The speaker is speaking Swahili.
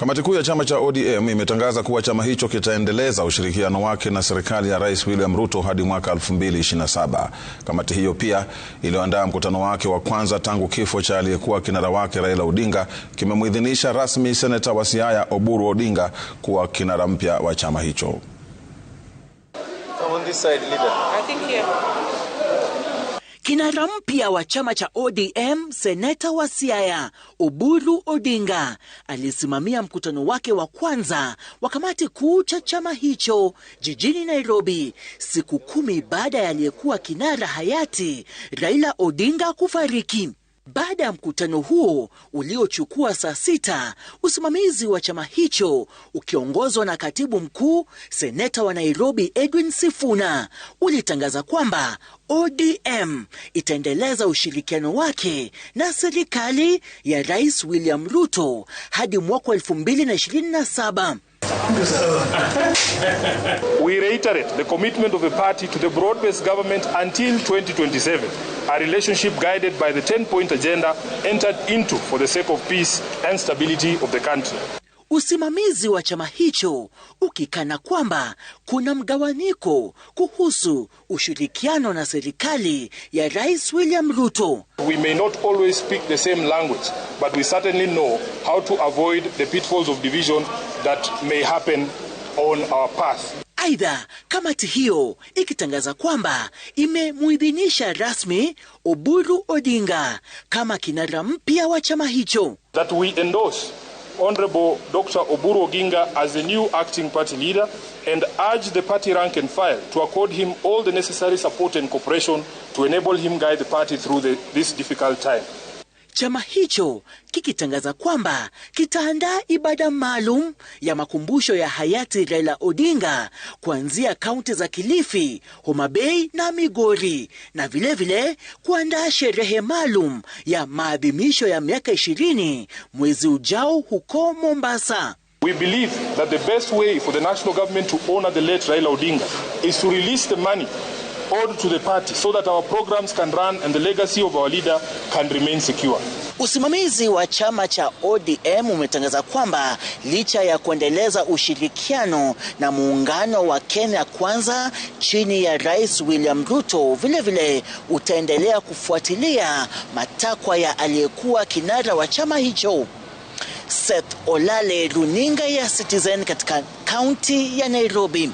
Kamati kuu ya chama cha ODM imetangaza kuwa chama hicho kitaendeleza ushirikiano wake na serikali ya Rais William Ruto hadi mwaka 2027. Kamati hiyo pia iliyoandaa mkutano wake wa kwanza tangu kifo cha aliyekuwa kinara wake Raila Odinga kimemwidhinisha rasmi seneta wa Siaya Oburu Odinga kuwa kinara mpya wa chama hicho. Kinara mpya wa chama cha ODM seneta wa Siaya Oburu Odinga alisimamia mkutano wake wa kwanza wa kamati kuu cha chama hicho jijini Nairobi, siku kumi baada ya aliyekuwa kinara hayati Raila Odinga kufariki. Baada ya mkutano huo uliochukua saa sita, usimamizi wa chama hicho ukiongozwa na katibu mkuu seneta wa Nairobi Edwin Sifuna ulitangaza kwamba ODM itaendeleza ushirikiano wake na serikali ya Rais William Ruto hadi mwaka 2027. reiterate the commitment of the party to the broad-based government until 2027, a relationship guided by the 10-point agenda entered into for the sake of peace and stability of the country. Usimamizi wa chama hicho ukikana kwamba kuna mgawanyiko kuhusu ushirikiano na serikali ya Rais William Ruto. We may not always speak the same language, but we certainly know how to avoid the pitfalls of division that may happen on our path. Aidha, kamati hiyo ikitangaza kwamba imemuidhinisha rasmi Oburu Odinga kama kinara mpya wa chama hicho. That we endorse Honorable Dr. Oburu Oginga as the new acting party leader and urge the party rank and file to accord him all the necessary support and cooperation to enable him guide the party through the, this difficult time chama hicho kikitangaza kwamba kitaandaa ibada maalum ya makumbusho ya hayati Raila Odinga kuanzia kaunti za Kilifi, Homa Bay na Migori, na vilevile kuandaa sherehe maalum ya maadhimisho ya miaka ishirini mwezi ujao huko Mombasa. We believe that the best way for the national government to honor the late Raila Odinga is to release the money owed to the party so that our programs can run and the legacy of our leader can remain secure. Usimamizi wa chama cha ODM umetangaza kwamba licha ya kuendeleza ushirikiano na muungano wa Kenya Kwanza chini ya Rais William Ruto, vilevile utaendelea kufuatilia matakwa ya aliyekuwa kinara wa chama hicho. Seth Olale, runinga ya Citizen katika kaunti ya Nairobi.